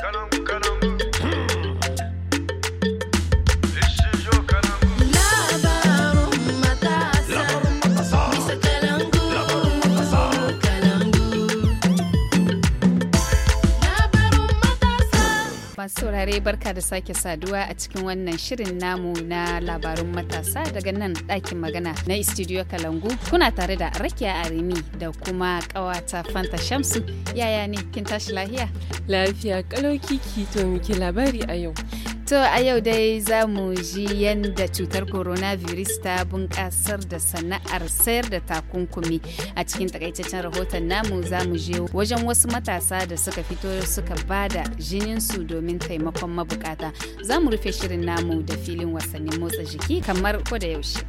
Calum, calum. masu saurare barka da sake saduwa a cikin wannan shirin namu na labarun matasa daga nan ɗakin magana na studio kalangu kuna tare da rakiya arimi da kuma ƙawata fanta shamsu yaya ne kin tashi lahiya lafiya kalau kiki to miki labari a yau To a yau dai za mu ji yadda cutar coronavirus ta bunƙasar da sana'ar sayar da takunkumi a cikin takaitaccen rahoton namu za mu je wajen wasu matasa da suka fito suka ba da jinin su domin taimakon mabukata. Za mu rufe shirin namu da filin wasannin motsa jiki kamar ko da yaushe.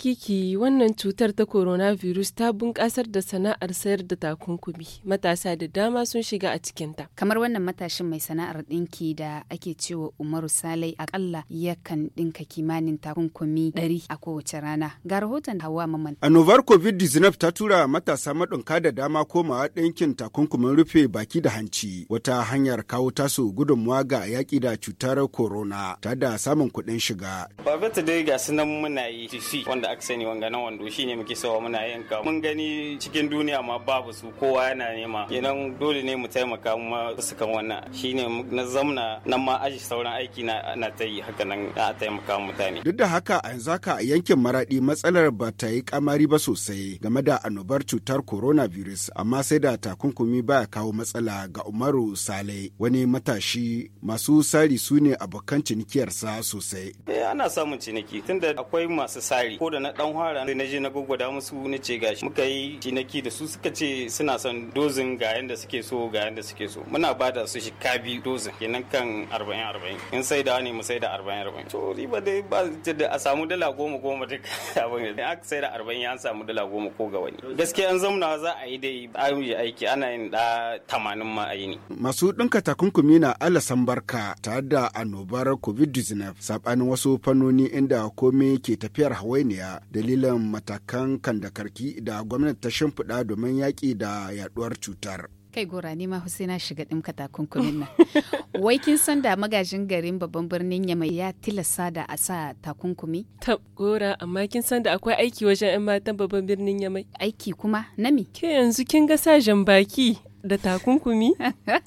kiki wannan cutar ta coronavirus ta bunƙasar da sana'ar sayar da takunkumi matasa da dama sun shiga a cikinta kamar wannan matashin mai sana'ar ɗinki da ake cewa umaru salai akalla yakan ɗinka kimanin takunkumi ɗari a kowace rana ga rahoton hawa maman novar covid-19 ta tura matasa maɗunka da dama komawa ɗinkin takunkumin rufe baki da hanci wata hanyar kawo tasu gudunmuwa ga yaƙi da cutar corona ta da samun kuɗin shiga babata dai ga sunan muna yi wanda aka sani wanga na wando shine muke sawa muna yanka mun gani cikin duniya ma babu su kowa yana nema kenan dole ne mu taimaka mu su kan wannan shine na zamna nan ma aji sauran aiki na na ta yi haka nan a taimaka mutane duk da haka a yanzu haka a yankin maradi matsalar ba ta yi kamari ba sosai game da annobar cutar coronavirus amma sai da takunkumi baya kawo matsala ga Umaru Sale wani matashi masu sari su ne abokan cinikiyarsa sosai. Eh ana samun ciniki tunda akwai masu sari ko da na dan fara sai na je na gwaggwada musu na ce gashi muka yi tinaki da su suka ce suna son dozin ga yanda suke so ga yanda suke so muna ba da su ka bi dozin kenan kan 40 40 in sai da ne mu sai da 40 40 to riba dai ba da a samu dala goma goma duk abin da aka sai da 40 ya samu dala goma ko ga wani gaskiya an zamna za a yi dai ayi aiki ana yin da 80 ma ayi ne masu dinka takunkumi na alasan barka tare da annobar covid-19 sabanin wasu fannoni inda komai ke tafiyar hawainiya baya matakan kandakarki da gwamnati ta shimfiɗa domin yaƙi da yaɗuwar cutar. kai gora ne ma husaina shiga ɗin takunkumin nan wai kin san da magajin garin babban birnin yamma ya tilasta da a sa takunkumi ta gora amma kin san da akwai aiki wajen yan matan babban birnin yamma. aiki kuma nami ke yanzu kin ga sajan baki da takunkumi?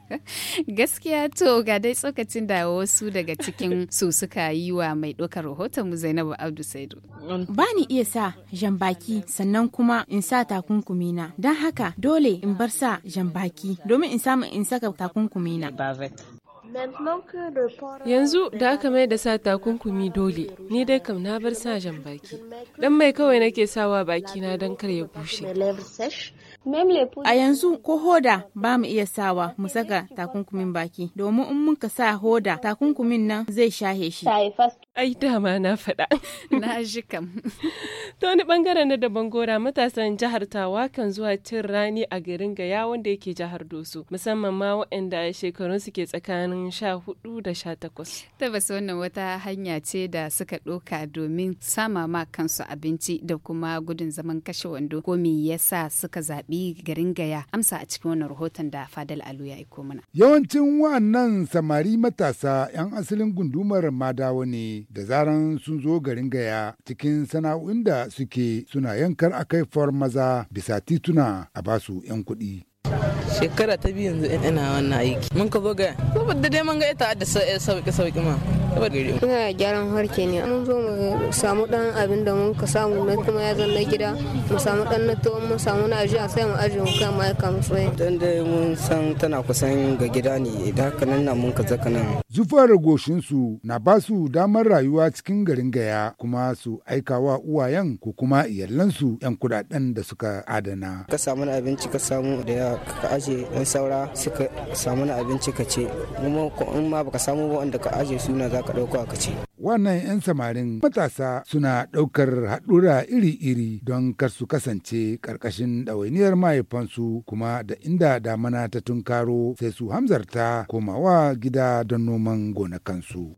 Gaskiya to ga dai tsokacin da wasu daga cikin su suka yi wa mai ɗaukar rahoton mu Zainabu Abdu Saidu. Ba ni iya sa jan baki sannan kuma in sa takunkumi na. Don haka dole in bar sa jan baki domin in samu in saka takunkumi na. Yanzu da aka mai da sa takunkumi dole, ni dai kam na bar sa baki. Dan mai kawai nake sawa baki na dan kar ya bushe. A yanzu ko hoda ba mu iya sawa mu saka takunkumin baki, domin in muka sa hoda takunkumin nan zai shahe shi. Ai dama na faɗa. Na ji kam. ta wani bangare na daban gora matasan jihar tawa kan zuwa cin rani a garin gaya wanda yake jihar dosu musamman ma waɗanda shekarun su ke tsakanin sha hudu da sha takwas. tabbas wannan wata hanya ce da suka ɗoka domin sama ma kansu abinci da kuma gudun zaman kashe wando ko me yasa suka zaɓi garin gaya amsa a cikin wannan rahoton da fadal alu ya aiko mana. yawancin wannan samari matasa 'yan asalin gundumar madawa ne da zaran sun zo garin gaya cikin sana'o'in da suke suna yankar far maza bisa tituna a basu 'yan kuɗi. shekara ta biyu yanzu ina wannan aiki mun ka buga saboda dai mun ga ita da sauki eh, sauki ma muna gyaran harke ne mun zo mu samu dan abin da mun ka samu na kuma ya zanna gida mu samu dan na tuwon mu samu na ajiya sai mu ajiye mu kai mu aika mu soyayya dan da mun san tana kusan ga gida ne idan haka nan na mun ka zaka nan zufa goshinsu na ba su damar rayuwa cikin garin gaya kuma su aika wa uwayen ko kuma iyalansu 'yan kudaden da suka adana. Ka samu abinci ka samu da ya ka aje in saura suka samu abinci ka ce, in ma baka samu ba wanda ka aje suna za ka ɗauka ka ce. wannan 'yan samarin matasa suna ɗaukar haɗura iri-iri don kar su kasance ƙarƙashin ɗawainiyar mahaifansu kuma da inda damana ta tunkaro sai su hamzarta komawa gida don noman gonakansu.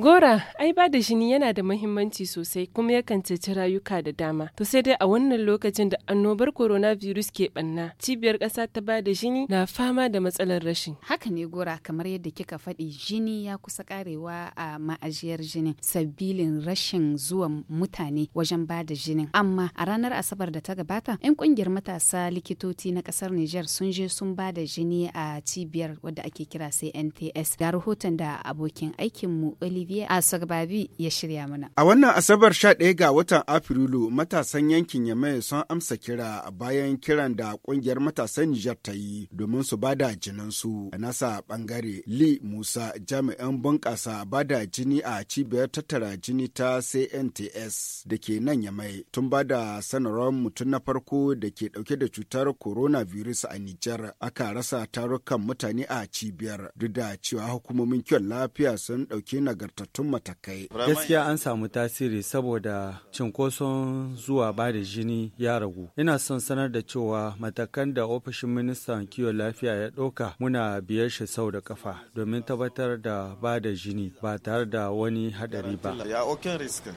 Gora, ai ba da jini yana da mahimmanci sosai kuma yakan ceci rayuka da dama. To sai dai a wannan lokacin da annobar coronavirus ke banna, cibiyar ƙasa ta ba da jini na fama da matsalar rashin. Haka ne Gora, kamar yadda kika faɗi jini ya kusa ƙarewa a ma'ajiyar jini, sabilin rashin zuwan mutane wajen ba da jinin. Amma a ranar Asabar da ta gabata, 'yan ƙungiyar matasa likitoci na ƙasar Nijar sun je sun ba da jini a cibiyar wadda ake kira sai NTS. Ga rahoton da abokin aikinmu Olivier a Sagbabi ya shirya mana. A wannan Asabar 11 ga watan Afrilu matasan yankin Yamai sun amsa kira bayan kiran da ƙungiyar matasan Nijar ta yi domin su bada jinansu. A nasa bangare Li Musa jami'an bunƙasa bada jini a cibiyar tattara jini ta CNTS da ke nan Yamai tun bada sanarwar mutum na farko da ke dauke da cutar coronavirus a Nijar aka rasa tarukan mutane a cibiyar duk da cewa hukumomin kiwon lafiya sun dauke nagarta tattattun matakai. Gaskiya an samu tasiri saboda cinkoson zuwa ba da jini ya ragu. Ina son sanar da cewa matakan da ofishin ministan kiwon lafiya ya ɗauka muna biyar shi sau da kafa domin tabbatar da ba da jini ba tare da wani haɗari ba.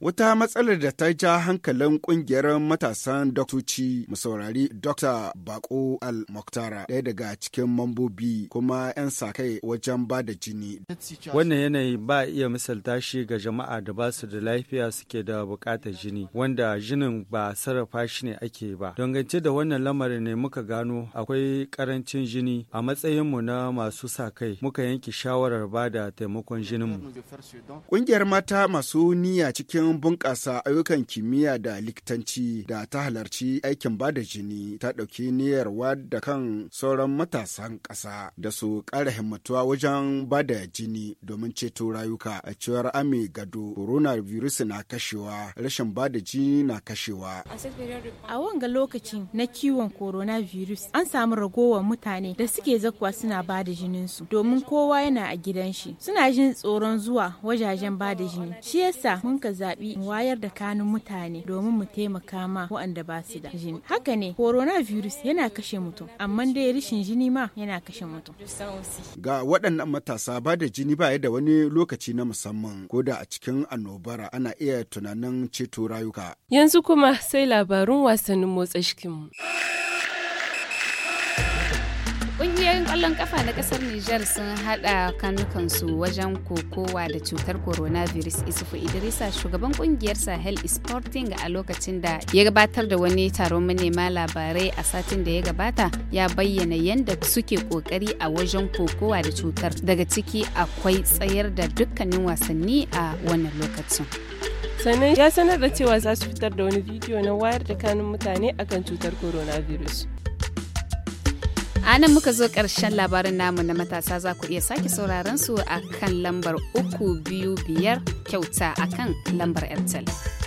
Wata matsalar da ta ja hankalin ƙungiyar matasan doktoci mu saurari Dr. Bako Al-Moktara ɗaya daga cikin mambobi kuma 'yan sa kai wajen ba da jini. Wannan yanayi ba iya misa misalta shi ga jama'a da ba su da lafiya suke da bukatar jini wanda jinin ba sarrafa shi ne ake ba dangance da wannan lamarin ne muka gano akwai ƙarancin jini a matsayinmu na masu sa kai muka yanke shawarar ba da taimakon jininmu ƙungiyar mata masu niyya cikin bunƙasa ayyukan kimiyya da likitanci da ta halarci aikin ba da jini ta ɗauki niyyarwa da kan sauran matasan ƙasa da su ƙara himmatuwa wajen ba da jini domin ceto rayuka a cewar ame gado coronavirus na kashewa rashin bada jini na kashewa a wanga lokacin na kiwon coronavirus an samu ragowar mutane da suke zakuwa suna bada jininsu domin kowa yana a gidan shi suna jin tsoron zuwa wajajen bada jini shi yasa mun ka zaɓi wayar da kanun mutane domin mu taimaka ma waɗanda ba su da jini haka ne coronavirus yana kashe mutum amma dai rashin jini ma yana kashe mutum ga waɗannan matasa bada jini ba da wani lokaci na musamman musamman ko da a cikin annobara ana iya tunanin ceto rayuka. Yanzu kuma sai labarun wasannin motsa shikinmu. Ƙungiyoyin ƙwallon ƙafa na ƙasar Nijar sun haɗa kanukansu wajen kokowa da cutar coronavirus Isufu Idrisa shugaban ƙungiyar Sahel Sporting a lokacin da ya gabatar da wani taron manema labarai a satin da ya gabata ya bayyana yadda suke ƙoƙari a wajen kokowa da cutar daga ciki akwai tsayar da dukkanin wasanni a wannan lokacin. sannan ya sanar da cewa za su fitar da wani bidiyo na wayar da kanun mutane akan cutar coronavirus. A nan muka zo ƙarshen labarin namu na matasa za ku iya sake sauraron su a kan lambar uku biyu biyar kyauta a kan lambar Airtel.